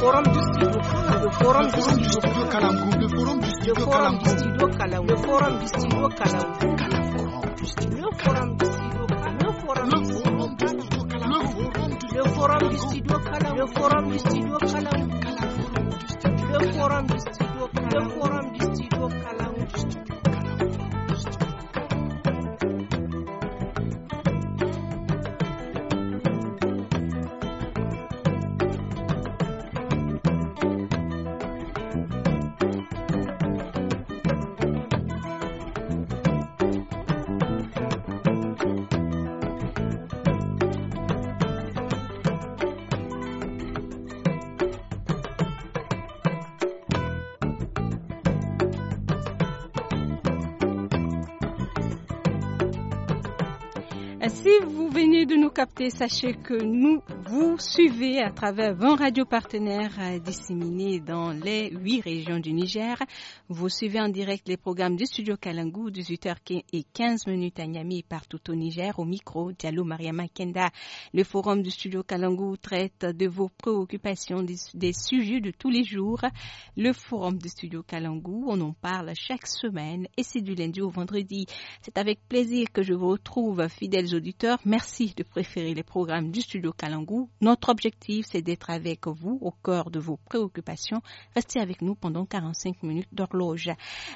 forum district le forum district do kalam gum le forum district do kalam gum le forum district forum kalam gum le forum district do kalam le forum district do kalam le forum district do kalam le forum district do kalam le forum district do kalam le forum district do kalam sachez que nous vous suivez à travers 20 radios partenaires euh, disséminés dans les 8 régions du Niger. Vous suivez en direct les programmes du studio Kalangou, 18h15 minutes à Niamey partout au Niger. Au micro, Diallo Mariama Kenda. Le forum du studio Kalangou traite de vos préoccupations, des, des sujets de tous les jours. Le forum du studio Kalangou, on en parle chaque semaine et c'est du lundi au vendredi. C'est avec plaisir que je vous retrouve, fidèles auditeurs. Merci de préférer les programmes du studio Kalangou. Notre objectif, c'est d'être avec vous au cœur de vos préoccupations. Restez avec nous pendant 45 minutes d'horloge.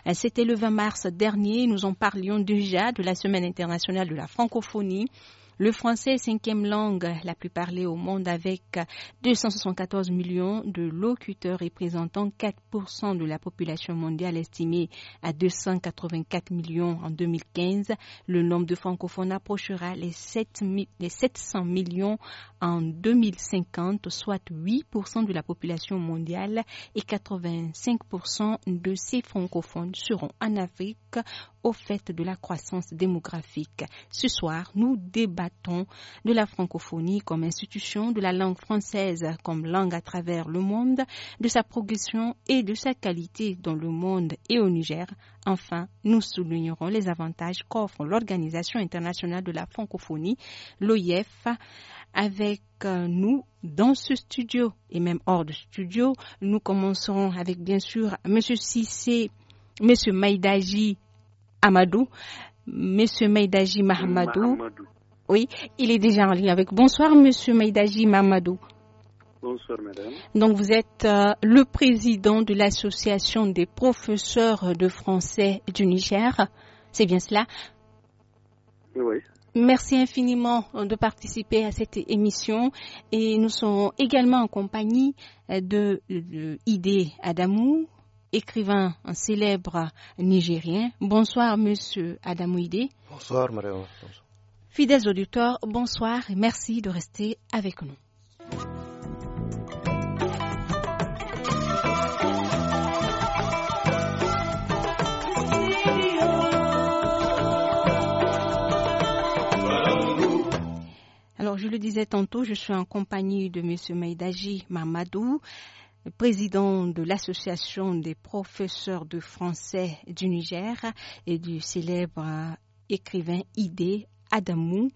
Euh, c'était le 20 mars dernier. Nous en parlions déjà de la Semaine internationale de la francophonie. Le français est cinquième langue la plus parlée au monde avec 274 millions de locuteurs représentant 4% de la population mondiale estimée à 284 millions en 2015. Le nombre de francophones approchera les 700 millions en 2050, soit 8% de la population mondiale et 85% de ces francophones seront en Afrique au fait de la croissance démographique. Ce soir, nous débattons de la francophonie comme institution, de la langue française comme langue à travers le monde, de sa progression et de sa qualité dans le monde et au Niger. Enfin, nous soulignerons les avantages qu'offre l'Organisation internationale de la francophonie, l'OIF, avec euh, nous dans ce studio et même hors de studio. Nous commencerons avec bien sûr M. Sissé, M. Maïdaji Amadou. Monsieur Maïdaji Mahamadou. Oui, il est déjà en lien avec. Bonsoir, Monsieur Maïdaji Mahamadou. Bonsoir, madame. Donc, vous êtes euh, le président de l'Association des professeurs de français du Niger. C'est bien cela Oui. Merci infiniment euh, de participer à cette émission et nous sommes également en compagnie euh, de, de Adamou, écrivain célèbre nigérien. Bonsoir, monsieur Adamouide. Bonsoir, madame. Fidèles auditeurs, bonsoir et merci de rester avec nous. Alors, je le disais tantôt, je suis en compagnie de M. Maïdaji Mamadou, président de l'Association des professeurs de français du Niger et du célèbre écrivain Idé Adamou.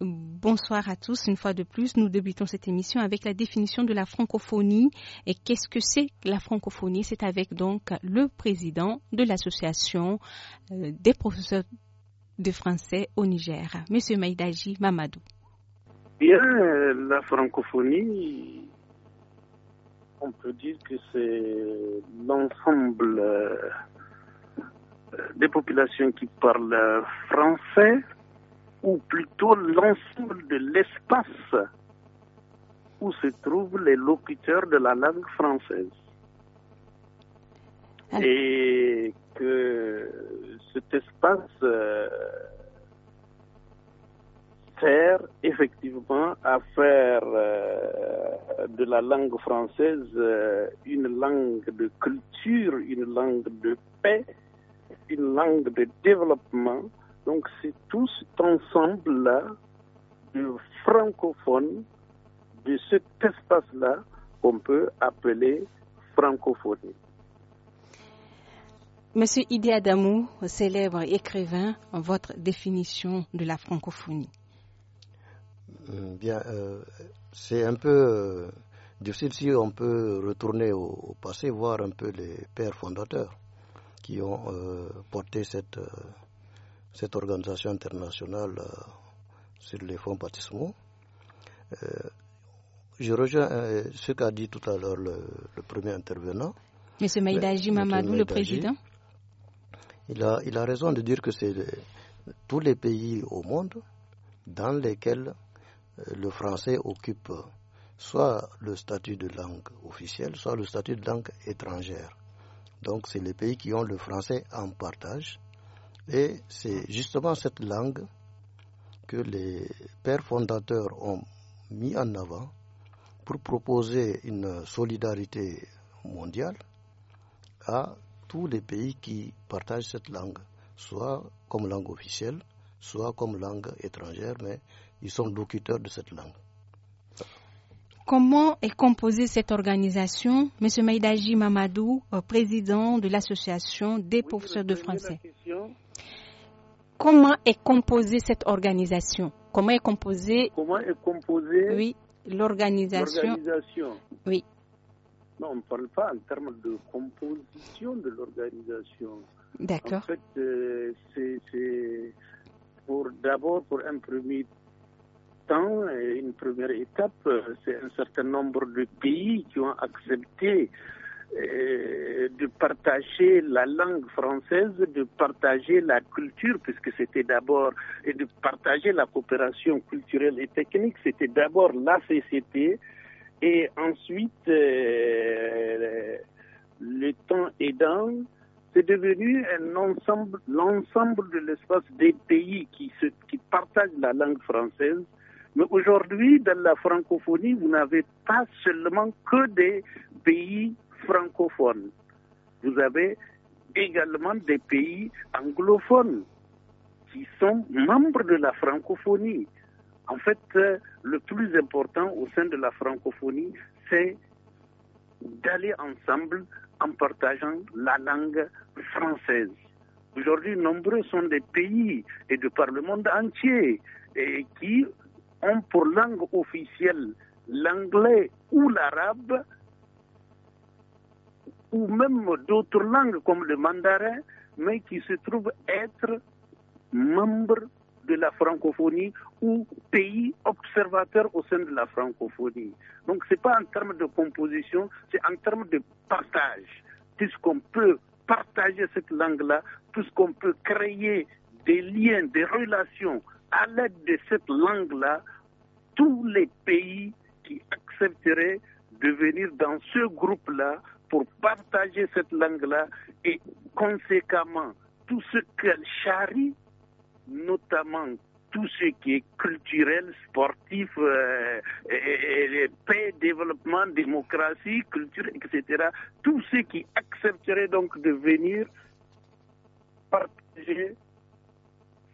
Bonsoir à tous. Une fois de plus, nous débutons cette émission avec la définition de la francophonie. Et qu'est-ce que c'est la francophonie C'est avec donc le président de l'association euh, des professeurs de français au Niger, M. Maïdaji Mamadou. Bien, euh, la francophonie, on peut dire que c'est l'ensemble euh, des populations qui parlent français, ou plutôt l'ensemble de l'espace où se trouvent les locuteurs de la langue française. Et que cet espace euh, effectivement à faire euh, de la langue française euh, une langue de culture, une langue de paix, une langue de développement. Donc c'est tout cet ensemble-là de francophones, de cet espace-là qu'on peut appeler francophonie. Monsieur Idi Adamou, célèbre écrivain, votre définition de la francophonie. Euh, bien, euh, c'est un peu euh, difficile si on peut retourner au, passé, voir un peu les pères fondateurs qui ont porté cette, organisation internationale sur les fonds bâtissements. je rejoins ce qu'a dit tout à l'heure le, premier intervenant. Monsieur Maïda Mamadou, le président. il a raison de dire que c'est tous les pays au monde dans lesquels euh, le français occupe soit le statut de langue officielle, soit le statut de langue étrangère. Donc c'est les pays qui ont le français en partage. Et c'est justement cette langue que les pères fondateurs ont mis en avant pour proposer une solidarité mondiale à tous les pays qui partagent cette langue, soit comme langue officielle, soit comme langue étrangère, mais ils sont locuteurs de cette langue. Comment est composée cette organisation M. Maïdaji Mamadou, euh, président de l'association des professeurs de français. Comment est composée cette organisation Comment est composée Comment est composée Oui, l'organisation. Oui. Non, on ne parle pas en termes de composition de l'organisation. D'accord. En fait, euh, c'est pour d'abord pour un premier temps, euh, une première étape, euh, c'est un certain nombre de pays qui ont accepté euh, de partager la langue française, de partager la culture, puisque c'était d'abord, et de partager la coopération culturelle et technique, c'était d'abord la CCT, et ensuite, le temps aidant, c'est devenu un ensemble, l'ensemble de l'espace des pays qui, qui partagent la langue française mais aujourd'hui, dans la francophonie, vous n'avez pas seulement que des pays francophones. Vous avez également des pays anglophones qui sont membres de la francophonie. En fait, euh, le plus important au sein de la francophonie, c'est d'aller ensemble en partageant la langue française. Aujourd'hui, nombreux sont des pays et de par le monde entier qui ont pour langue officielle l'anglais ou l'arabe, ou même d'autres langues comme le mandarin, mais qui se trouvent être membres de la francophonie ou pays observateurs au sein de la francophonie. Donc ce n'est pas en termes de composition, c'est en termes de partage. Puisqu'on peut partager cette langue-là, puisqu'on peut créer des liens, des relations à l'aide de cette langue-là, tous les pays qui accepteraient de venir dans ce groupe-là pour partager cette langue-là et conséquemment tout ce qu'elle charrie, notamment tout ce qui est culturel, sportif, euh, paix, développement, démocratie, culture, etc. Tous ceux qui accepteraient donc de venir partager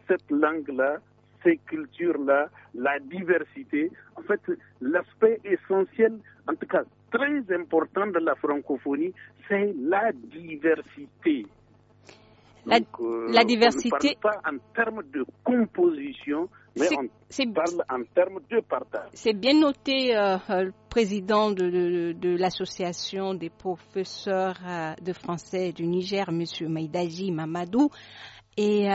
cette langue-là ces cultures-là, la diversité, en fait, l'aspect essentiel, en tout cas très important de la francophonie, c'est la diversité. La, euh, diversité. pas en termes de composition, mais on parle en termes de partage. C'est bien noté, euh, euh, le président de, l'association des professeurs de français du Niger, M. Maïdaji Mamadou. Et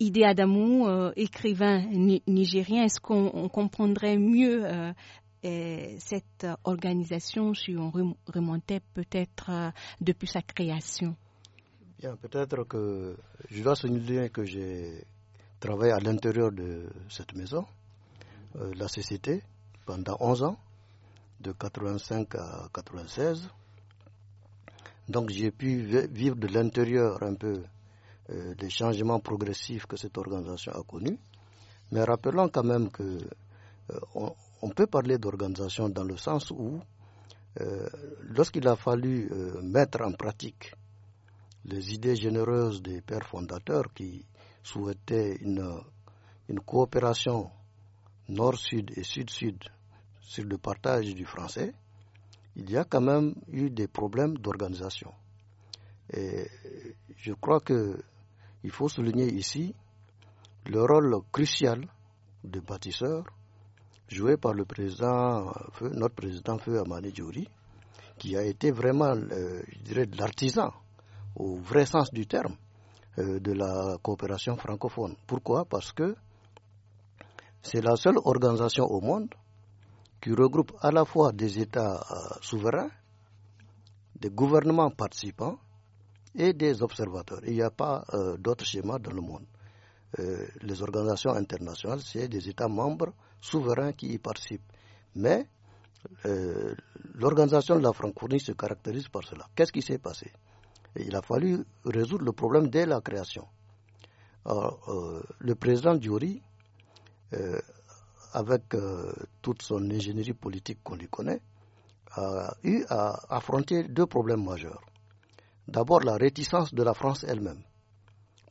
Idé Adamou, euh, écrivain nigérien, est-ce qu'on comprendrait mieux euh, euh, cette organisation si on remontait peut-être depuis sa création Bien, peut-être que je dois souligner que j'ai travaillé à l'intérieur de cette maison, la société, pendant 11 ans, de 85 à 96. Donc j'ai pu vivre de l'intérieur un peu euh, des changements progressifs que cette organisation a connus. Mais rappelons quand même que euh, on, peut parler d'organisation dans le sens où, euh, lorsqu'il a fallu mettre en pratique les idées généreuses des pères fondateurs qui souhaitaient une, une coopération nord-sud et sud-sud sur le partage du français, il y a quand même eu des problèmes d'organisation. Et je crois que il faut souligner ici le rôle crucial de bâtisseur joué par le président, notre président Feu Amani Djouri, qui a été vraiment, euh, l'artisan, au vrai sens du terme, euh, de la coopération francophone. Pourquoi Parce que c'est la seule organisation au monde qui regroupe à la fois des États euh, souverains, des gouvernements participants et des observateurs. Il n'y a pas euh, d'autres d'autre schéma dans le monde. Euh, les organisations internationales, c'est des États membres souverains qui y participent. Mais euh, l'organisation de la francophonie se caractérise par cela. Qu'est-ce qui s'est passé Il a fallu résoudre le problème dès la création. le président Diori, avec toute son ingénierie politique qu'on lui connaît, a eu à affronter deux problèmes majeurs d'abord la réticence de la France elle-même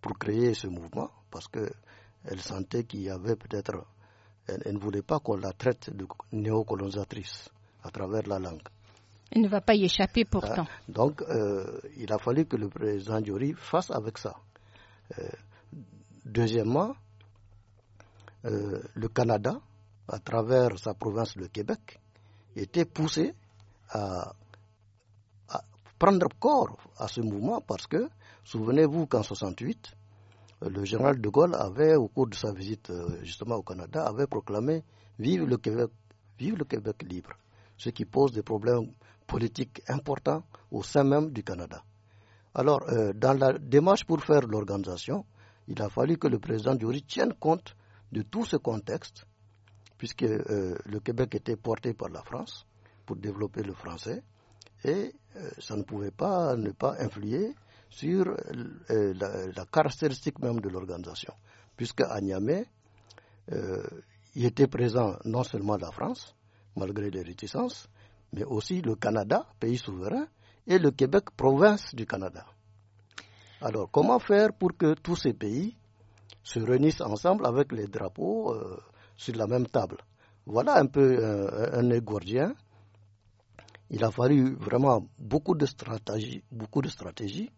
pour créer ce mouvement, parce qu'elle sentait qu'il y avait peut-être... Elle, ne voulait pas qu'on la traite de néocolonisatrice à travers la langue. Elle ne va pas y échapper pourtant. Ah, donc, euh, il a fallu que le président Diori fasse avec ça. Euh, deuxièmement, euh, le Canada, à travers sa province, le Québec, était poussé à prendre corps à ce mouvement parce que, souvenez-vous qu'en 68, le général de Gaulle avait, au cours de sa visite euh, justement au Canada, avait proclamé Vive le Québec, vive le Québec libre, ce qui pose des problèmes politiques importants au sein même du Canada. Alors, euh, dans la démarche pour faire l'organisation, il a fallu que le président Dury tienne compte de tout ce contexte, puisque euh, le Québec était porté par la France pour développer le français et euh, ça ne pouvait pas ne pas influer sur euh, la, caractéristique même de l'organisation, puisque à Niamey, euh, il était présent non seulement la France, malgré les réticences, mais aussi le Canada, pays souverain, et le Québec, province du Canada. Alors, comment faire pour que tous ces pays se réunissent ensemble avec les drapeaux sur la même table Voilà un peu un égordien il a fallu vraiment beaucoup de stratégies, beaucoup de stratégies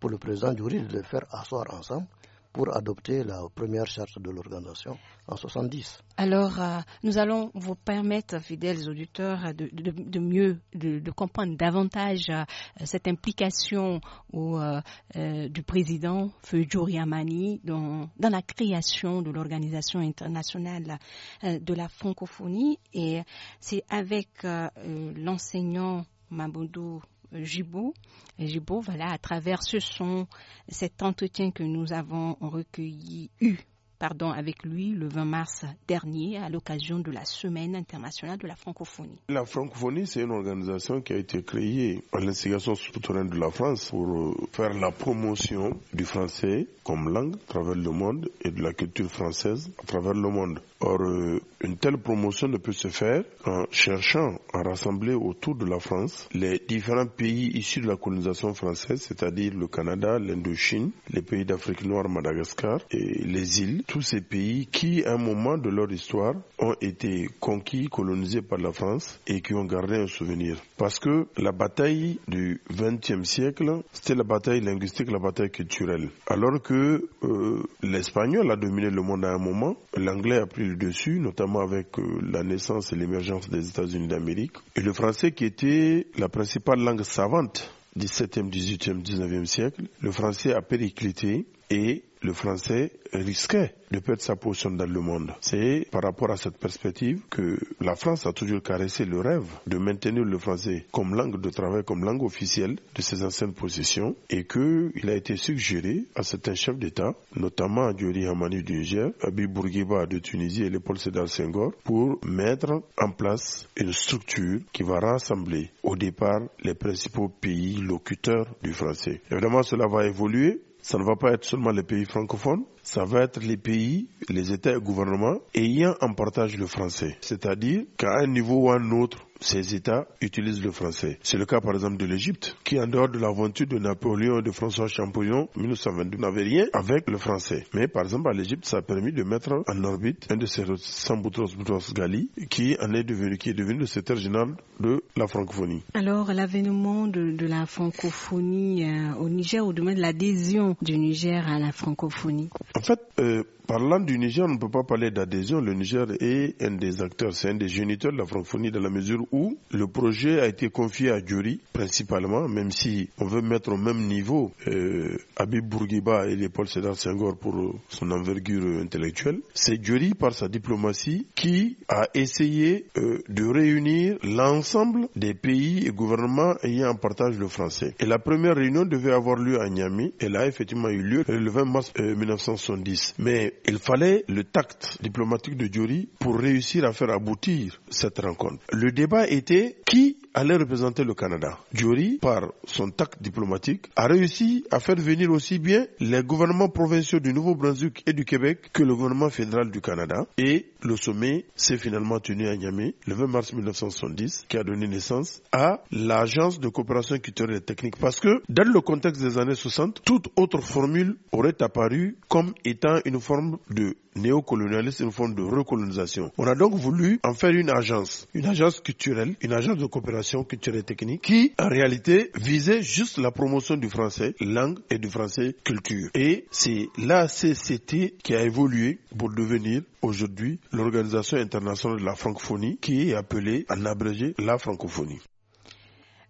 pour le président Jury de le faire asseoir ensemble pour adopter la première charte de l'organisation en 70. Alors, euh, nous allons vous permettre, fidèles auditeurs, de, mieux, de, comprendre davantage euh, cette implication euh, du président Feu Yamani dans, dans, la création de l'Organisation internationale de la francophonie. Et c'est avec l'enseignant Maboudou Gibault. voilà, à travers ce son, cet entretien que nous avons recueilli, eu, pardon, avec lui le 20 mars dernier à l'occasion de la Semaine internationale de la francophonie. La francophonie, c'est une organisation qui a été créée par l'instigation souterraine de la France pour euh, faire la promotion du français comme langue à travers le monde et de la culture française à travers le monde. Or, euh, une telle promotion ne peut se faire en cherchant à rassembler autour de la France les différents pays issus de la colonisation française, c'est-à-dire le Canada, l'Indochine, les pays d'Afrique noire, Madagascar et les îles, tous ces pays qui, à un moment de leur histoire, ont été conquis, colonisés par la France et qui ont gardé un souvenir. Parce que la bataille du XXe siècle, c'était la bataille linguistique, la bataille culturelle. Alors que euh, l'espagnol a dominé le monde à un moment, l'anglais a pris dessus, notamment avec euh, la naissance et l'émergence des États-Unis d'Amérique. Et le français qui était la principale langue savante 17e, 18e, 19e siècle, le français a périclité et le français risquait de perdre sa position dans le monde. C'est par rapport à cette perspective que la France a toujours caressé le rêve de maintenir le français comme langue de travail, comme langue officielle de ses anciennes possessions et qu'il a été suggéré à certains chefs d'État, notamment Diori Hamani du Niger, Abi Bourguiba de Tunisie et Paul Sédar Senghor, pour mettre en place une structure qui va rassembler au départ les principaux pays locuteurs du français. Évidemment, cela va évoluer ça ne va pas être seulement les pays francophones, ça va être les pays, les États et gouvernements ayant en partage le français. C'est-à-dire qu'à un niveau ou à un autre, ces États utilisent le français. C'est le cas par exemple de l'Égypte, qui en dehors de l'aventure de Napoléon et de François Champollion, 1922, n'avait rien avec le français. Mais par exemple à l'Égypte, ça a permis de mettre en orbite un de ces Samboutros Boutros Ghali, qui en est devenu, qui est devenu le secteur général de la francophonie. Alors l'avènement de, la francophonie euh, au Niger, ou domaine de l'adhésion du Niger à la francophonie. En fait, euh, Parlant du Niger, on ne peut pas parler d'adhésion. Le Niger est un des acteurs, c'est un des géniteurs de la francophonie dans la mesure où où le projet a été confié à Diori, principalement, même si on veut mettre au même niveau euh, Abib Bourguiba et Paul Sédar Senghor pour euh, son envergure intellectuelle. C'est Diori, par sa diplomatie, qui a essayé euh, de réunir l'ensemble des pays et gouvernements ayant en partage le français. Et la première réunion devait avoir lieu à Niamey. Elle a effectivement eu lieu le 20 mars 1970. Euh, Mais il fallait le tact diplomatique de Diori pour réussir à faire aboutir cette rencontre. Le débat a été qui allait représenter le Canada. Jory, par son tact diplomatique, a réussi à faire venir aussi bien les gouvernements provinciaux du Nouveau-Brunswick et du Québec que le gouvernement fédéral du Canada. Et le sommet s'est finalement tenu à Niamey le 20 mars 1970, qui a donné naissance à l'Agence de coopération culturelle et technique. Parce que dans le contexte des années 60, toute autre formule aurait apparu comme étant une forme de néocolonialisme, une forme de recolonisation. On a donc voulu en faire une agence, une agence culturelle, une agence de coopération L'association culturelle et technique qui, en réalité, visait juste la promotion du français langue et du français culture. Et c'est l'ACCT qui a évolué pour devenir aujourd'hui l'Organisation internationale de la francophonie qui est appelée en abrégé la francophonie.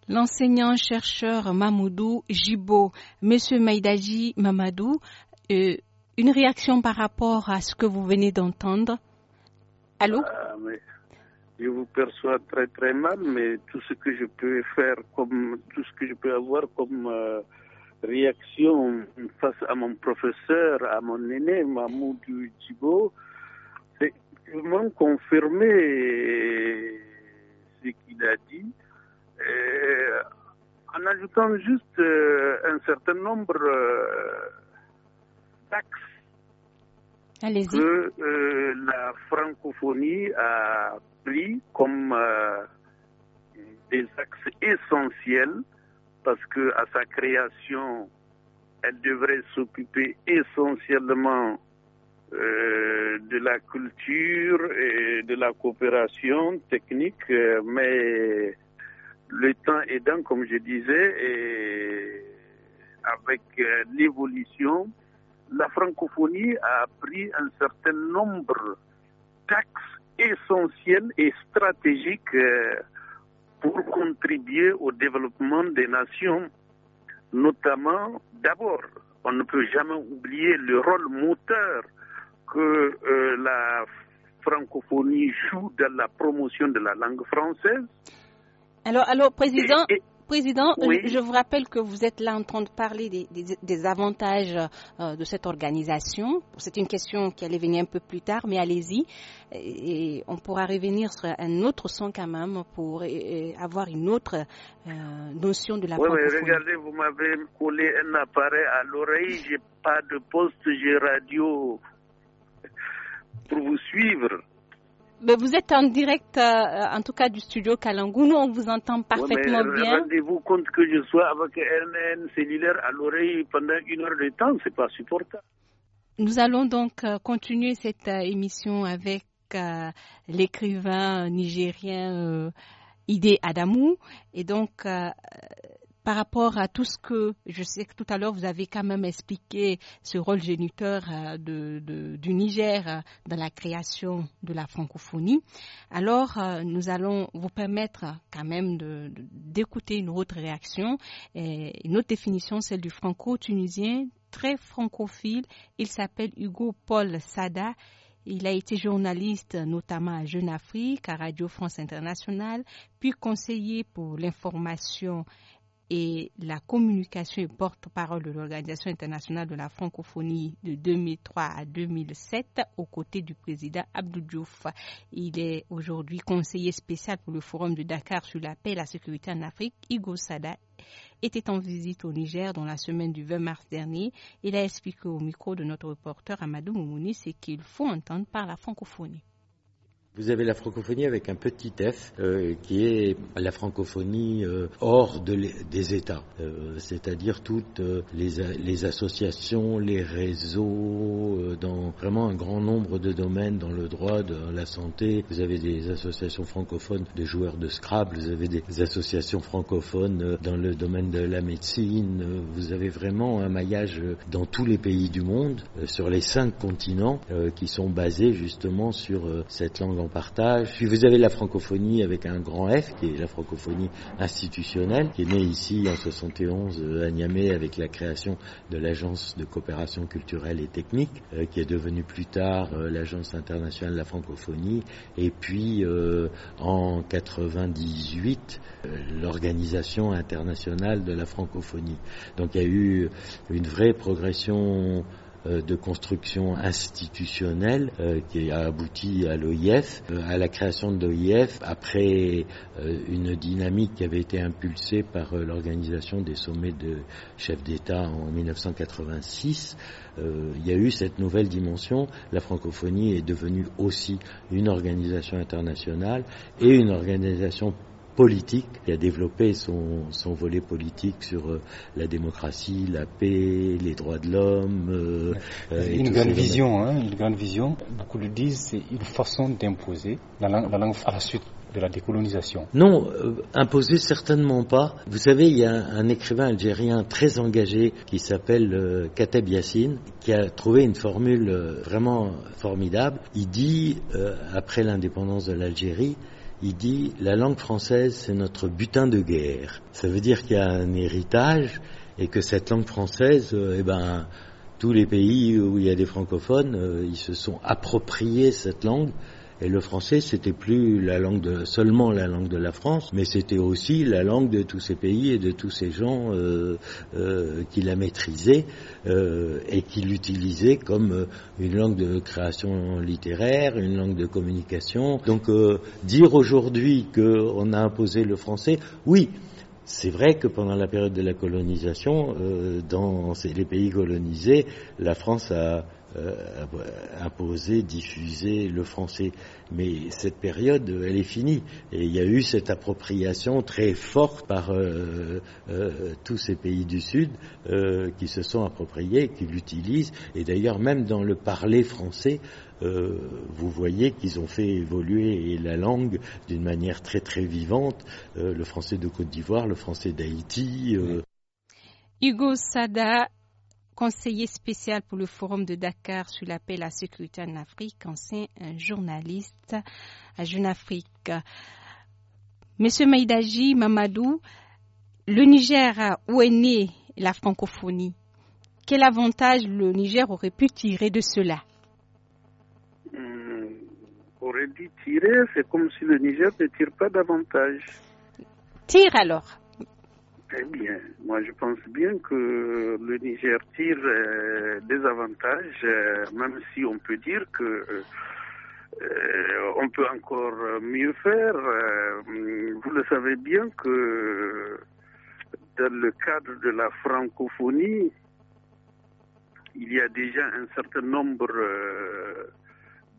L'enseignant-chercheur Mamoudou Jibo, Monsieur Maïdaji Mamadou, euh, une réaction par rapport à ce que vous venez d'entendre Allô euh, je vous perçois très très mal, mais tout ce que je peux faire, comme tout ce que je peux avoir comme euh, réaction face à mon professeur, à mon aîné Mahmoud Djibo, c'est vraiment confirmer ce qu'il a dit. Euh, en ajoutant juste euh, un certain nombre d'axes que euh, la francophonie a pris comme euh, des axes essentiels parce que à sa création, elle devrait s'occuper essentiellement euh, de la culture et de la coopération technique, mais le temps aidant, comme je disais, et avec l'évolution la francophonie a pris un certain nombre d'axes essentiels et stratégiques euh, pour contribuer au développement des nations, notamment d'abord, on ne peut jamais oublier le rôle moteur que euh, la francophonie joue dans la promotion de la langue française. Alors, alors président, Président, euh, je vous rappelle que vous êtes là en train de parler des, avantages euh, de cette organisation. C'est une question qui allait venir un peu plus tard, mais allez-y. Et, on pourra revenir sur un autre son quand même pour avoir une autre euh, notion de la Oui, oui regardez, vous m'avez collé un appareil à l'oreille. J'ai pas de poste, j'ai radio pour vous suivre. Mais vous êtes en direct, euh, en tout cas du studio Kalangu. Nous, on vous entend parfaitement ouais, bien. Rendez-vous compte que je sois avec un, cellulaire à l'oreille pendant une heure de temps, c'est pas supportable. Nous allons donc euh, continuer cette euh, émission avec l'écrivain nigérien euh, Ide Adamou. Et donc, par rapport à tout ce que, je sais que tout à l'heure, vous avez quand même expliqué ce rôle géniteur euh, du Niger euh, dans la création de la francophonie. Alors, euh, nous allons vous permettre quand même d'écouter une autre réaction. Et une autre définition, celle du franco-tunisien, très francophile. Il s'appelle Hugo Paul Sada. Il a été journaliste notamment à Jeune Afrique, à Radio France Internationale, puis conseiller pour l'information et la communication et porte-parole de l'Organisation internationale de la francophonie de 2003 à 2007 aux côtés du président Abdou Diouf. Il est aujourd'hui conseiller spécial pour le Forum de Dakar sur la paix et la sécurité en Afrique. Igo Sada était en visite au Niger dans la semaine du 20 mars dernier. Il a expliqué au micro de notre reporter Amadou Moumouni ce qu'il faut entendre par la francophonie. Vous avez la francophonie avec un petit f euh, qui est la francophonie euh, hors de des États, euh, c'est-à-dire toutes les, les, associations, les réseaux, dans vraiment un grand nombre de domaines, dans le droit, de la santé. Vous avez des associations francophones de joueurs de Scrabble, vous avez des associations francophones dans le domaine de la médecine. Vous avez vraiment un maillage dans tous les pays du monde, sur les cinq continents, qui sont basés justement sur cette langue partage. Puis vous avez la francophonie avec un grand F, qui est la francophonie institutionnelle, qui est née ici en 71 euh, à Niamey avec la création de l'Agence de coopération culturelle et technique, euh, qui est devenue plus tard euh, l'Agence internationale de la francophonie. Et puis en 98, l'Organisation internationale de la francophonie. Donc il y a eu une vraie progression euh, de construction institutionnelle euh, qui a abouti à l'OIF, euh, à la création de l'OIF après une dynamique qui avait été impulsée par l'organisation des sommets de chefs d'État en 1986. Il y a eu cette nouvelle dimension. La francophonie est devenue aussi une organisation internationale et une organisation politique et a développé son, son volet politique sur euh, la démocratie, la paix, les droits de l'homme. Euh, euh une grande vision, hein, une grande vision. Beaucoup le disent, c'est une façon d'imposer la, langue à la suite de la décolonisation Non, euh, imposer certainement pas. Vous savez, il y a un, écrivain algérien très engagé qui s'appelle Kateb Yassine, qui a trouvé une formule vraiment formidable. Il dit, après l'indépendance de l'Algérie, il dit la langue française c'est notre butin de guerre. Ça veut dire qu'il y a un héritage et que cette langue française, euh, eh ben, tous les pays où il y a des francophones, euh, ils se sont appropriés cette langue et le français, c'était plus la langue de, seulement la langue de la France, mais c'était aussi la langue de tous ces pays et de tous ces gens euh, euh qui la maîtrisaient euh, et qui l'utilisaient comme euh, une langue de création littéraire, une langue de communication. Donc euh, dire aujourd'hui qu'on a imposé le français, oui, c'est vrai que pendant la période de la colonisation, euh, dans les pays colonisés, la France a euh, imposer, diffuser le français. Mais cette période, euh, elle est finie. Et il y a eu cette appropriation très forte par euh, tous ces pays du Sud qui se sont appropriés, qui l'utilisent. Et d'ailleurs, même dans le parler français, vous voyez qu'ils ont fait évoluer la langue d'une manière très très vivante, le français de Côte d'Ivoire, le français d'Haïti. Hugo Sada conseiller spécial pour le Forum de Dakar sur l'appel à la sécurité en Afrique, ancien euh, journaliste à Jeune Afrique. Monsieur Maïdaji Mamadou, le Niger, euh, où est née la francophonie Quel avantage le Niger aurait pu tirer de cela hmm, Aurait dit tirer, c'est comme si le Niger ne tire pas davantage. Tire alors Très bien. Hein. Moi, je pense bien que le Niger tire euh, des avantages, euh, même si on peut dire que euh, on peut encore mieux faire. vous le savez bien que dans le cadre de la francophonie, il y a déjà un certain nombre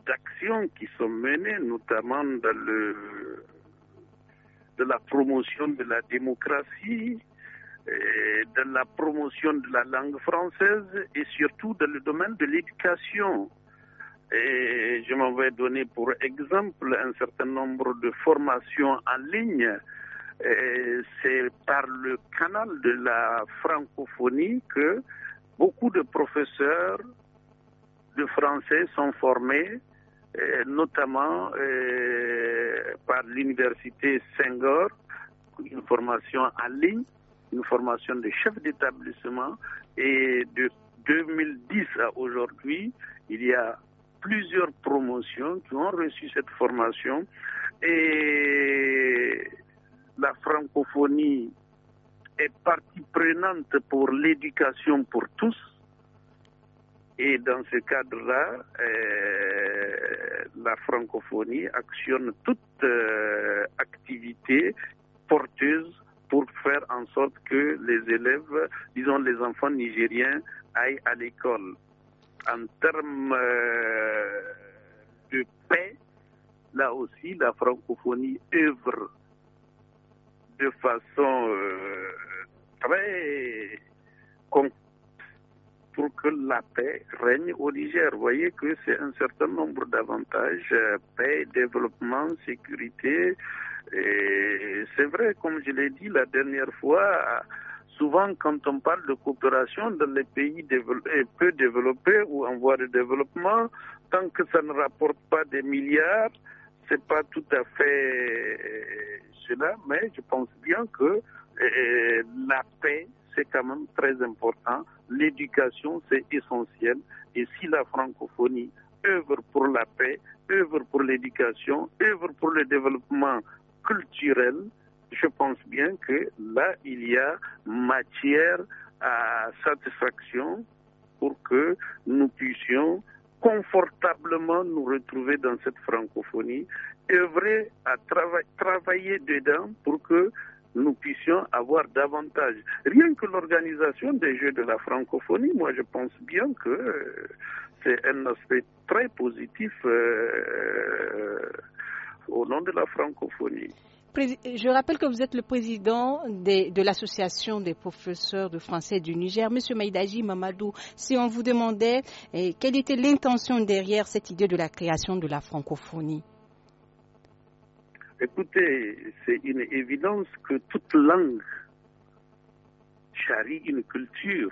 d'actions qui sont menées, notamment dans le de la promotion de la démocratie, euh, de la promotion de la langue française et surtout dans le domaine de l'éducation. Et je m'en vais donner pour exemple un certain nombre de formations en ligne. Euh, c'est par le canal de la francophonie que beaucoup de professeurs de français sont formés notamment euh, par l'université Senghor, une formation en ligne, une formation de chef d'établissement et de 2010 à aujourd'hui, il y a plusieurs promotions qui ont reçu cette formation et la francophonie est partie prenante pour l'éducation pour tous. Et dans ce cadre-là, euh, euh, la francophonie actionne toute euh, activité porteuse pour faire en sorte que les élèves, disons les enfants nigériens, aillent à l'école. En termes euh, de paix, là aussi, la francophonie œuvre de façon très concrète pour que la paix règne au Niger. Vous voyez que c'est un certain nombre d'avantages, euh, paix, développement, sécurité. Et c'est vrai, comme je l'ai dit la dernière fois, souvent quand on parle de coopération dans les pays euh, peu développés ou en voie de développement, tant que ça ne rapporte pas des milliards, c'est pas tout à fait euh, cela, mais je pense bien que la paix, c'est quand même très important l'éducation, c'est essentiel. Et si la francophonie œuvre pour la paix, œuvre pour l'éducation, œuvre pour le développement culturel, je pense bien que là, il y a matière à satisfaction pour que nous puissions confortablement nous retrouver dans cette francophonie, œuvrer à travailler dedans pour que nous puissions avoir davantage. Rien que l'organisation des Jeux de la francophonie, moi je pense bien que euh, c'est un aspect très positif euh, euh, au nom de la francophonie. Je rappelle que vous êtes le président de l'association des professeurs de français du Niger. Monsieur Maïdaji Mamadou, si on vous demandait eh, quelle était l'intention derrière cette idée de la création de la francophonie Écoutez, c'est une évidence que toute langue charrie une culture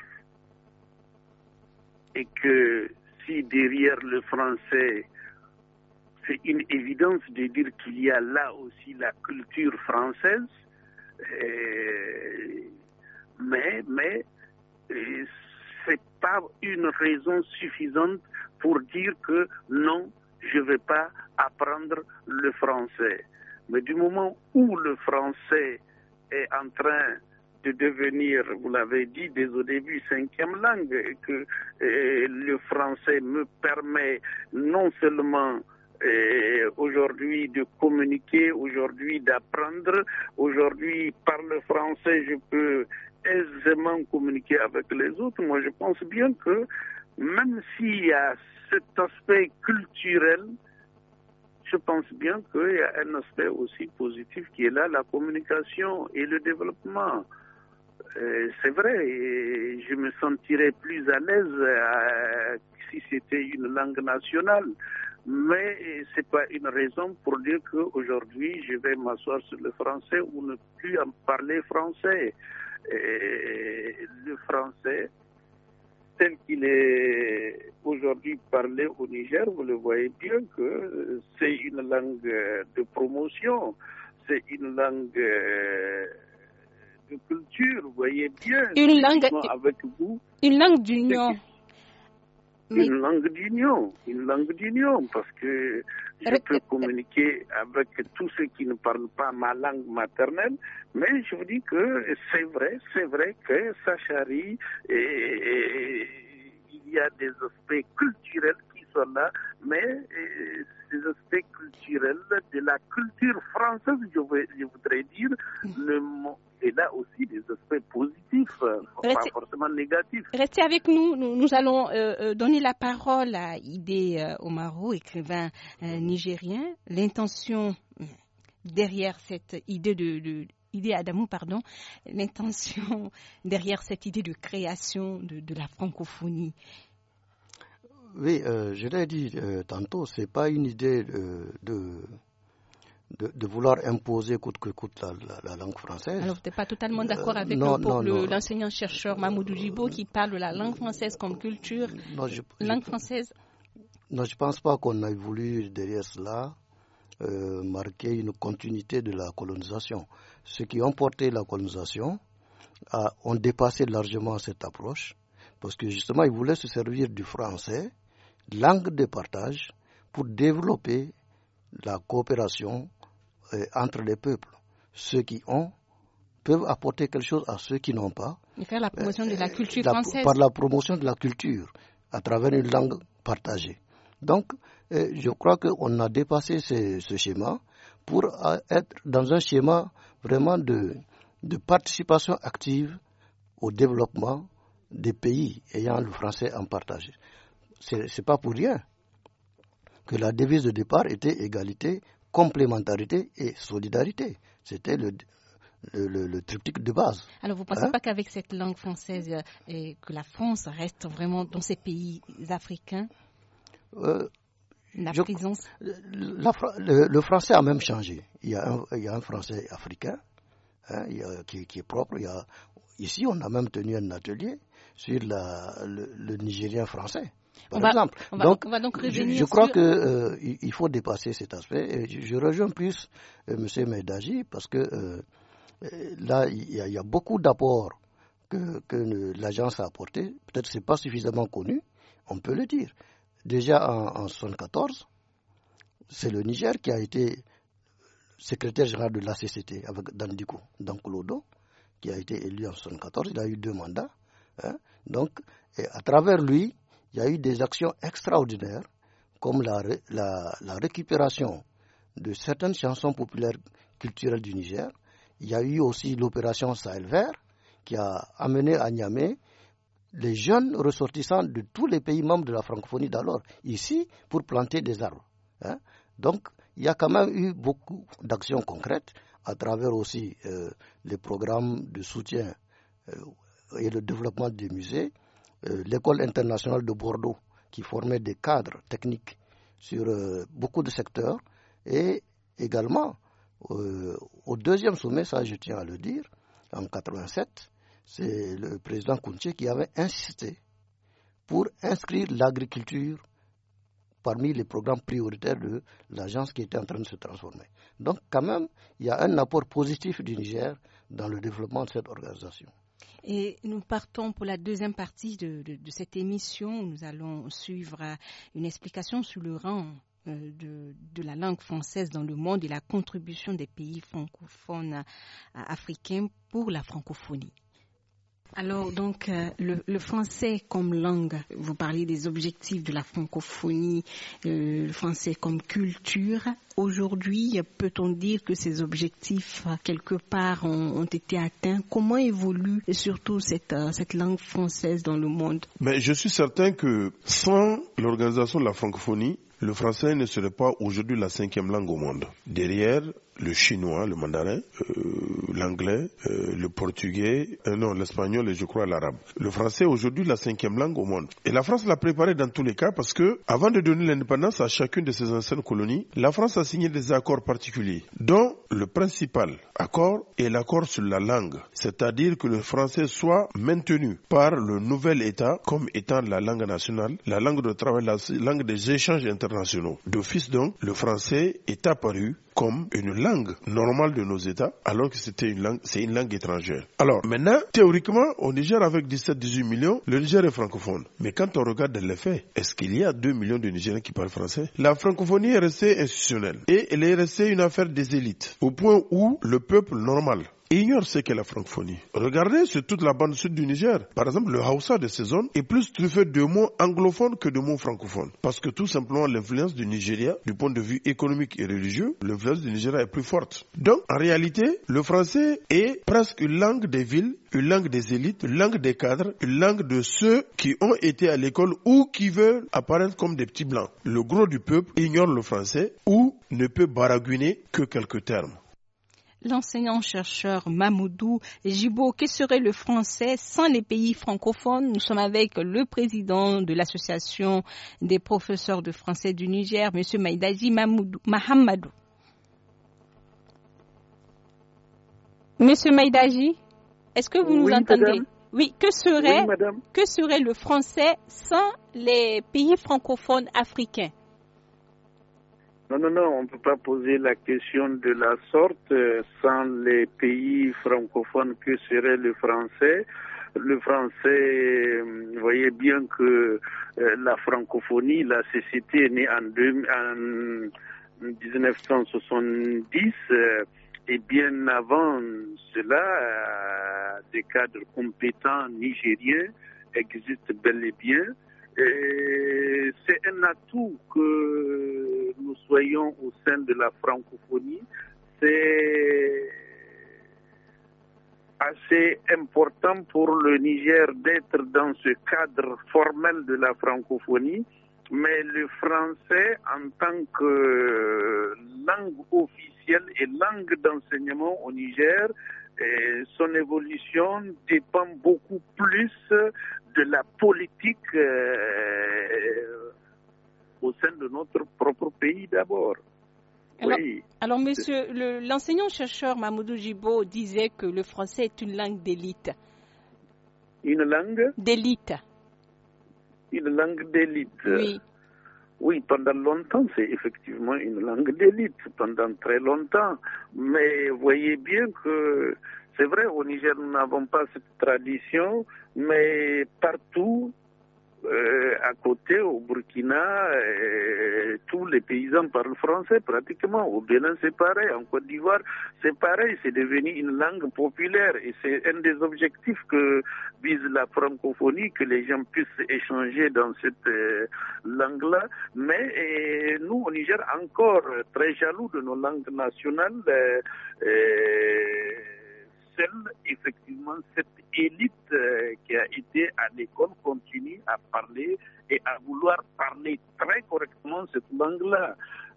et que si derrière le français, c'est une évidence de dire qu'il y a là aussi la culture française, euh, mais, mais euh, c'est pas une raison suffisante pour dire que non, je ne vais pas apprendre le français. Mais du moment où le français est en train de devenir, vous l'avez dit dès au début, cinquième langue, et que le français me permet non seulement aujourd'hui de communiquer, aujourd'hui d'apprendre, aujourd'hui par le français je peux aisément communiquer avec les autres. Moi je pense bien que même s'il y a cet aspect culturel, je pense bien qu'il y a un aspect aussi positif qui est là, la communication et le développement. Euh, c'est vrai, je me sentirais plus à l'aise euh, si c'était une langue nationale, mais ce n'est pas une raison pour dire qu'aujourd'hui je vais m'asseoir sur le français ou ne plus en parler français. Et le français, tel qu'il est aujourd'hui parlé au Niger, vous le voyez bien que c'est une langue de promotion, c'est une langue euh, de culture, vous voyez bien. avec vous. Une langue d'union. Une langue d'union, une langue d'union, parce que je peux communiquer avec tous ceux qui ne parlent pas ma langue maternelle, mais je vous dis que c'est vrai, c'est vrai que Sachari, et, il y a des aspects culturels mais euh, ces aspects culturels de la culture française, je, voudrais dire, le et là aussi des aspects positifs, euh, pas forcément négatifs. Restez avec nous, nous, allons euh, donner la parole à Idé Omaro, écrivain nigérien. L'intention derrière cette idée de, idée Adamou, pardon, l'intention derrière cette idée de création de, de la francophonie, oui, euh, je l'ai dit euh, tantôt, ce n'est pas une idée euh, de, de, vouloir imposer coûte que coûte la, langue française. Alors, vous n'êtes pas totalement d'accord avec l'enseignant-chercheur le, Mahmoud qui parle la langue française comme culture. Non, langue française Non, je ne pense pas qu'on ait voulu, derrière cela, marquer une continuité de la colonisation. Ceux qui ont porté la colonisation ah, ont dépassé largement cette approche parce que justement, ils voulaient se servir du français langue de partage pour développer la coopération euh, entre les peuples. Ceux qui ont peuvent apporter quelque chose à ceux qui n'ont pas. Et faire la promotion de la euh, culture française. Par la promotion de la culture, à travers une langue partagée. Donc, euh, je crois qu'on a dépassé ce, ce schéma pour être dans un schéma vraiment de, de participation active au développement des pays ayant le français en partage c'est pas pour rien que la devise de départ était égalité, complémentarité et solidarité. C'était le, le, triptyque de base. Alors, vous ne pensez hein? pas qu'avec cette langue française, euh, et que la France reste vraiment dans ces pays africains euh, La présence le, français a même changé. Il y a un, français africain hein, qui, est propre. ici, on a même tenu un atelier sur le, Nigérien français par exemple. donc, je, crois qu'il euh, faut dépasser cet aspect. Et je, rejoins plus euh, M. Medaji parce que euh, là, il y, a beaucoup d'apports que, l'agence a apporté Peut-être que ce n'est pas suffisamment connu, on peut le dire. Déjà en 1974, c'est le Niger qui a été secrétaire général de la CCT avec Dandiko Lodo, qui a été élu en 1974. Il a eu deux mandats. Hein. Donc, à travers lui, il y a eu des actions extraordinaires, comme la, récupération de certaines chansons populaires culturelles du Niger. Il y a eu aussi l'opération Sahel Vert, qui a amené à Niamey les jeunes ressortissants de tous les pays membres de la francophonie d'alors, ici, pour planter des arbres. Hein. Donc, il y a quand même eu beaucoup d'actions concrètes à travers aussi euh, les programmes de soutien euh, et le développement des musées, euh, l'école internationale de Bordeaux qui formait des cadres techniques sur euh, beaucoup de secteurs et également euh, au deuxième sommet, ça je tiens à le dire, en 87, c'est le président Kounché qui avait insisté pour inscrire l'agriculture parmi les programmes prioritaires de l'agence qui était en train de se transformer. Donc quand même, il y a un apport positif du Niger dans le développement de cette organisation. Et nous partons pour la deuxième partie de, cette émission où nous allons suivre euh, une explication sur le rang euh, de, la langue française dans le monde et la contribution des pays francophones euh, africains pour la francophonie. Alors donc euh, le, français comme langue, vous parlez des objectifs de la francophonie, euh, le français comme culture. Aujourd'hui, peut-on dire que ces objectifs quelque part ont, ont été atteints Comment évolue surtout cette, euh, cette langue française dans le monde Mais je suis certain que sans l'organisation de la francophonie, le français ne serait pas aujourd'hui la cinquième langue au monde. Derrière, le chinois, le mandarin, euh, l'anglais, euh, le portugais, euh, non, l'espagnol et je crois l'arabe. Le français aujourd'hui la cinquième langue au monde. Et la France l'a préparé dans tous les cas parce que avant de donner l'indépendance à chacune de ses anciennes colonies, la France a signé des accords particuliers, dont le principal accord est l'accord sur la langue, c'est-à-dire que le français soit maintenu par le nouvel État comme étant la langue nationale, la langue de travail, la langue des échanges internationaux. D'office donc, le français est apparu comme une langue langue normale de nos États, alors que c'était une langue, c'est une langue étrangère. Alors maintenant, théoriquement, au Niger avec 17-18 millions, le Niger est francophone. Mais quand on regarde les faits, est-ce qu'il y a 2 millions de Nigériens qui parlent français La francophonie est restée institutionnelle et elle est restée une affaire des élites, au point où le peuple normal ignorent ce qu'est la francophonie. Regardez sur toute la bande sud du Niger. Par exemple, le Hausa de ces zones est plus truffé de mots anglophones que de mots francophones. Parce que tout simplement, l'influence du Nigeria, du point de vue économique et religieux, l'influence du Nigeria est plus forte. Donc, en réalité, le français est presque une langue des villes, une langue des élites, une langue des cadres, une langue de ceux qui ont été à l'école ou qui veulent apparaître comme des petits blancs. Le gros du peuple ignore le français ou ne peut baragouiner que quelques termes l'enseignant-chercheur Mamoudou Jibo, que serait le français sans les pays francophones Nous sommes avec le président de l'Association des professeurs de français du Niger, M. Maïdaji Mahamadou. Monsieur Maïdaji, est-ce que vous nous entendez oui, que serait le français sans les pays francophones africains non, non, non, on ne peut pas poser la question de la sorte euh, sans les pays francophones que serait le français. Le français, vous euh, voyez bien que euh, la francophonie, la société est née en, deux, en 1970 et bien avant cela, des cadres compétents nigériens existent bel et bien. C'est un atout que nous soyons au sein de la francophonie. C'est assez important pour le Niger d'être dans ce cadre formel de la francophonie, mais le français en tant que langue officielle et langue d'enseignement au Niger son évolution dépend beaucoup plus de la politique euh, au sein de notre propre pays d'abord. Alors, oui. alors, monsieur, l'enseignant-chercheur le, Mamoudou disait que le français est une langue d'élite. Une langue D'élite. Une langue d'élite. Oui. Oui, pendant longtemps, c'est effectivement une langue d'élite, pendant très longtemps. Mais voyez bien que c'est vrai, au Niger, nous n'avons pas cette tradition, mais partout, euh, à côté, au Burkina, euh, les paysans parlent français pratiquement. Au Bénin, c'est pareil. En Côte d'Ivoire, c'est pareil. C'est devenu une langue populaire et c'est un des objectifs que vise la francophonie, que les gens puissent échanger dans cette euh, langue-là. Mais euh, nous, au Niger, encore très jaloux de nos langues nationales. Euh, seule, effectivement, cette élite euh, qui a été à l'école continue à parler et à vouloir parler très correctement cette langue-là.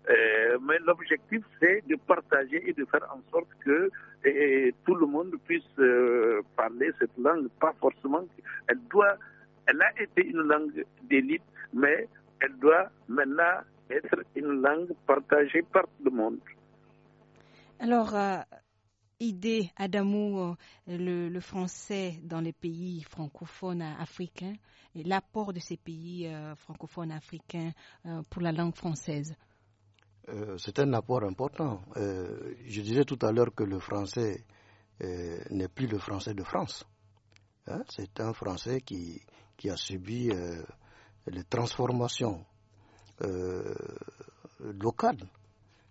Euh, mais l'objectif, c'est de partager et de faire en sorte que tout le monde puisse euh, parler cette langue. Pas forcément. Elle doit. Elle a été une langue d'élite, mais elle doit maintenant être une langue partagée par tout le monde. Alors, idée, Adamou, le, français dans les pays francophones africains, et l'apport de ces pays euh, francophones africains euh, pour la langue française euh, C'est un apport important. je disais tout à l'heure que le français n'est plus le français de France. Hein. C'est un français qui, qui a subi les transformations locales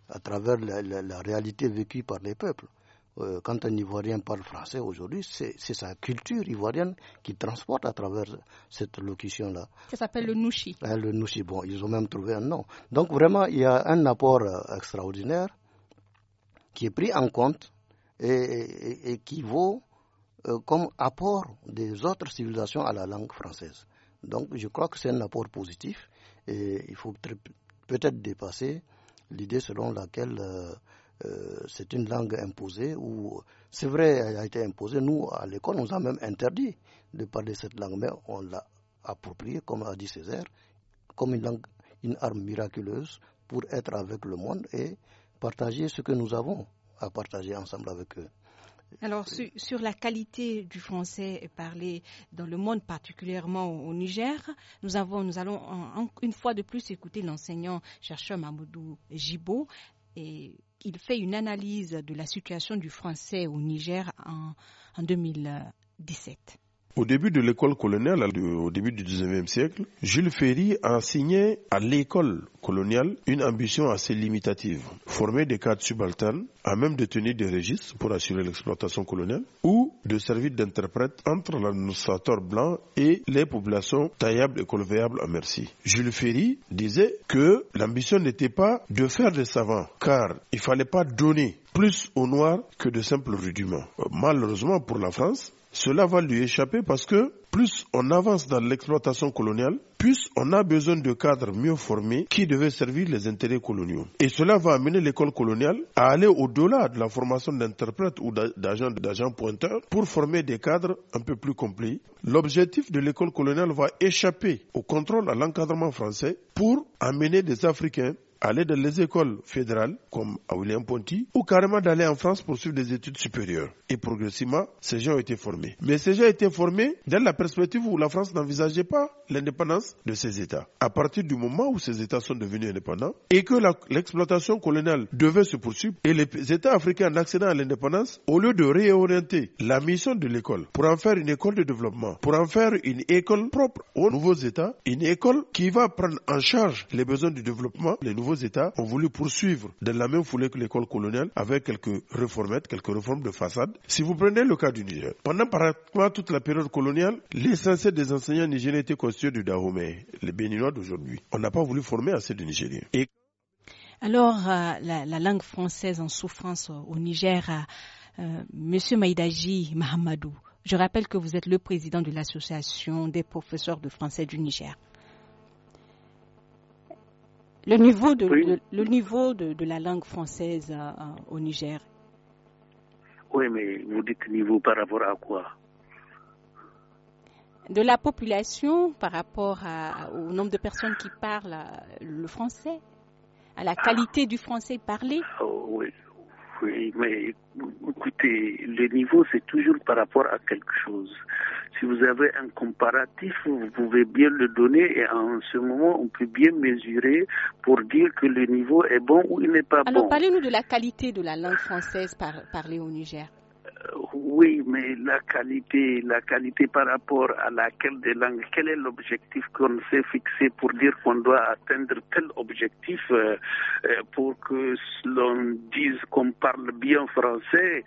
à travers la réalité vécue par les peuples. Euh, quand un Ivoirien parle français aujourd'hui, c'est sa culture ivoirienne qui transporte à travers cette locution-là. Ça s'appelle le nouchi. Ah, le nouchi, bon, ils ont même trouvé un nom. Donc vraiment, il y a un apport euh, extraordinaire qui est pris en compte et, qui vaut euh, comme apport des autres civilisations à la langue française. Donc je crois que c'est un apport positif et il faut peut-être dépasser l'idée selon laquelle... Euh, c'est une langue imposée ou c'est vrai, elle a été imposée. Nous, à l'école, on nous a même interdit de parler cette langue, mais on l'a appropriée, comme a dit Césaire, comme une langue, une arme miraculeuse pour être avec le monde et partager ce que nous avons à partager ensemble avec eux. Alors, sur, la qualité du français parlé dans le monde, particulièrement au, Niger, nous, allons une fois de plus écouter l'enseignant-chercheur Mamoudou Gibot Et il fait une analyse de la situation du français au Niger en, en 2017. Au début de l'école coloniale, au début du 19e siècle, Jules Ferry enseignait à l'école coloniale une ambition assez limitative. Former des cadres subalternes à même de tenir des registres pour assurer l'exploitation coloniale ou de servir d'interprète entre l'administrateur blanc et les populations taillables et colvéables à merci. Jules Ferry disait que l'ambition n'était pas de faire des savants car il fallait pas donner plus aux Noirs que de simples rudiments. Euh, malheureusement pour la France, cela va lui échapper parce que plus on avance dans l'exploitation coloniale, plus on a besoin de cadres mieux formés qui devaient servir les intérêts coloniaux. Et cela va amener l'école coloniale à aller au-delà de la formation d'interprètes ou d'agents, pointeurs pour former des cadres un peu plus complets. L'objectif de l'école coloniale va échapper au contrôle à l'encadrement français pour amener des Africains aller dans les écoles fédérales comme à William Ponty ou carrément d'aller en France pour suivre des études supérieures. Et progressivement, ces gens ont été formés. Mais ces gens ont été formés dans la perspective où la France n'envisageait pas l'indépendance de ces États. À partir du moment où ces États sont devenus indépendants et que l'exploitation coloniale devait se poursuivre et les États africains en accédant à l'indépendance, au lieu de réorienter la mission de l'école pour en faire une école de développement, pour en faire une école propre aux nouveaux États, une école qui va prendre en charge les besoins du développement, les vos États ont voulu poursuivre de la même foulée que l'école coloniale avec quelques réformettes, quelques réformes de façade. Si vous prenez le cas du Niger, pendant pratiquement toute la période coloniale, l'essentiel des enseignants nigériens était constitué du Dahomey, les Béninois d'aujourd'hui. On n'a pas voulu former assez de Nigériens. Alors, euh, la, langue française en souffrance au Niger, euh, euh, Monsieur Maïdaji Mahamadou, je rappelle que vous êtes le président de l'association des professeurs de français du Niger. Le niveau de, le niveau de, la langue française euh, euh, au Niger. Oui, mais vous dites niveau par rapport à quoi De la population par rapport au nombre de personnes qui parlent euh, le français, à la qualité du français parlé. Ah, oui, mais écoutez, le niveau c'est toujours par rapport à quelque chose. Si vous avez un comparatif, vous pouvez bien le donner et en ce moment, on peut bien mesurer pour dire que le niveau est bon ou il n'est pas bon. Alors, parlez-nous de la qualité de la langue française par, parlée au Niger. Euh, oui, mais la qualité, la qualité par rapport à laquelle des langues, quel est l'objectif qu'on s'est fixé pour dire qu'on doit atteindre tel objectif euh, euh, pour que l'on dise qu'on parle bien français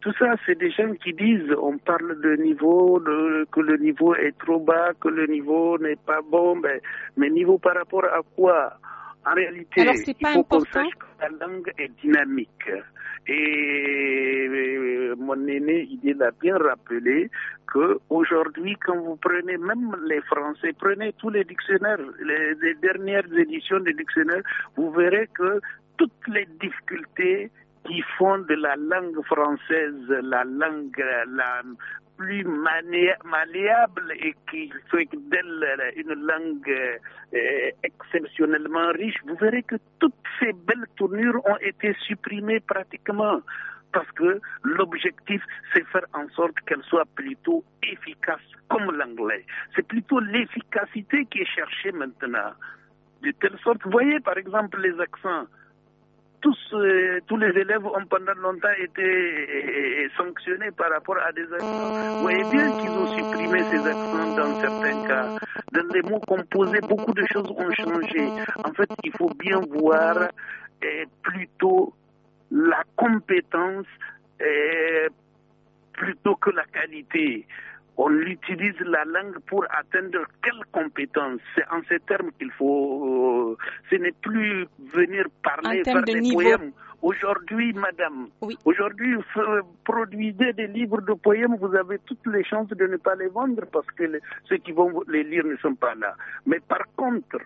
tout ça, c'est des gens qui disent, on parle de niveau, de, que le niveau est trop bas, que le niveau n'est pas bon, mais, ben, mais niveau par rapport à quoi en réalité, il faut qu'on sache que la langue est dynamique. Et euh, mon aîné, il l'a bien rappelé que aujourd'hui, quand vous prenez même les Français, prenez tous les dictionnaires, les dernières éditions des dictionnaires, vous verrez que toutes les difficultés qui font de la langue française la langue la plus malléable et qui fait d'elle une langue euh, exceptionnellement riche, vous verrez que toutes ces belles tournures ont été supprimées pratiquement parce que l'objectif, c'est faire en sorte qu'elle soit plutôt efficace comme l'anglais. C'est plutôt l'efficacité qui est cherchée maintenant. De telle sorte, vous voyez par exemple les accents tous, euh, tous les élèves ont pendant longtemps été euh, sanctionnés par rapport à des actions. Vous voyez bien qu'ils ont supprimé ces actions dans certains cas. Dans les mots composés, beaucoup de choses ont changé. En fait, il faut bien voir euh, plutôt la compétence plutôt que la qualité on utilise la langue pour atteindre quelle compétence C'est en ces termes qu'il faut. Euh, ce n'est plus venir parler vers des poèmes. Aujourd'hui, madame, oui. aujourd'hui, euh, produisez des livres de poèmes, vous avez toutes les chances de ne pas les vendre parce que ceux qui vont les lire ne sont pas là. Mais par contre,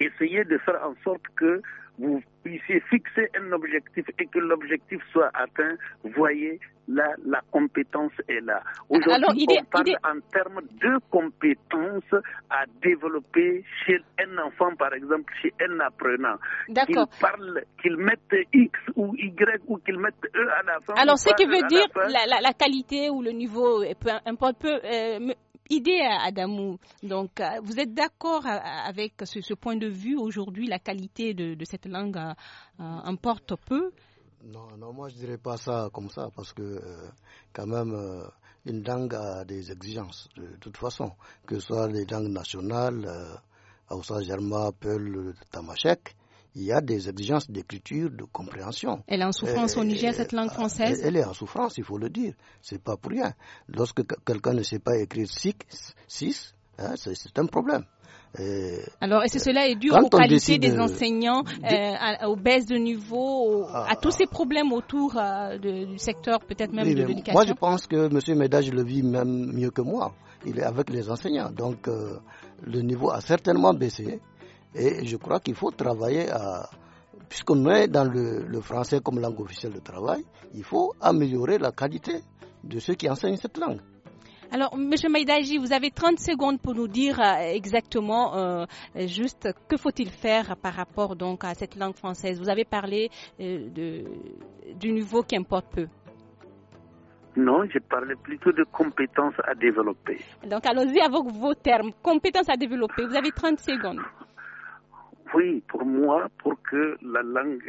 essayez de faire en sorte que vous puissiez fixer un objectif et que l'objectif soit atteint. Voyez, là, la compétence est là. Aujourd'hui, on parle en termes de compétences à développer chez un enfant, par exemple, chez un apprenant. Qu'il parle, qu'il mette X ou Y ou qu'il mette E à la fin. Alors, ce qui veut dire la, qualité ou le niveau, peu importe, peu. Euh, idée Adamou. Donc, euh, vous êtes d'accord avec ce, point de vue aujourd'hui, la qualité de, cette langue euh, importe peu non, non, moi je ne dirais pas ça comme ça parce que euh, quand même euh, une langue a des exigences de, toute façon, que ce soit les langues nationales, euh, Aoussa, Germa, Peul, Tamashek, il y a des exigences d'écriture, de compréhension. Elle est en souffrance au Niger, cette langue euh, française elle, est en souffrance, il faut le dire. n'est pas pour rien. Lorsque quelqu'un ne sait pas écrire six, hein, c'est un problème. Euh, Alors, est-ce que cela est dû aux qualités des enseignants, euh, aux baisses de niveau, ah. à tous ces problèmes autour euh, du secteur, peut-être même de l'éducation Moi, je pense que M. Médage le vit même mieux que moi. Il est avec les enseignants. Donc, le niveau a certainement baissé. Et je crois qu'il faut travailler à. Puisqu'on est dans le français comme langue officielle de travail, il faut améliorer la qualité de ceux qui enseignent cette langue. Alors, M. Maïdaji, vous avez 30 secondes pour nous dire euh, exactement, euh, juste, que faut-il faire par rapport donc à cette langue française Vous avez parlé euh, de, du niveau qui importe peu. Non, je parlais plutôt de compétences à développer. Donc, allons-y avec vos termes. Compétences à développer, vous avez 30 secondes. Oui, pour moi, pour que la langue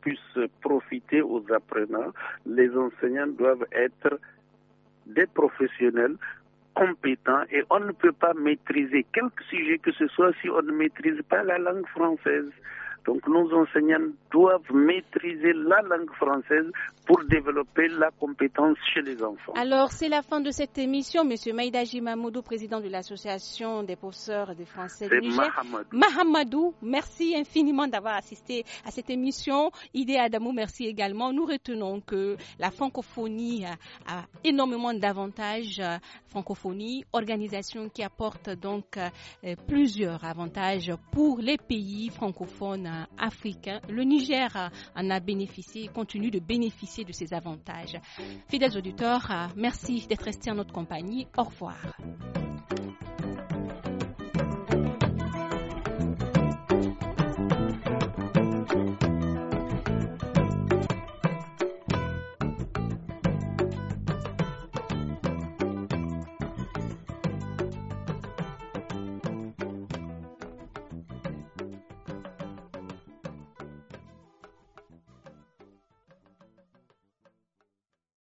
puisse profiter aux apprenants, les enseignants doivent être des professionnels compétents et on ne peut pas maîtriser quelque sujet que ce soit si on ne maîtrise pas la langue française. Donc nos enseignants doivent maîtriser la langue française pour développer la compétence chez les enfants. Alors c'est la fin de cette émission, Monsieur Maïda Jimamoudou, président de l'association des professeurs de français du Niger. Mahamadou. merci infiniment d'avoir assisté à cette émission. Idé Adamou, merci également. Nous retenons que la francophonie a énormément d'avantages. Francophonie, organisation qui apporte donc euh, plusieurs avantages pour les pays francophones euh, africain, le Niger en a bénéficié et continue de bénéficier de ces avantages. Fidèles auditeurs, euh, merci d'être restés en notre compagnie. Au revoir.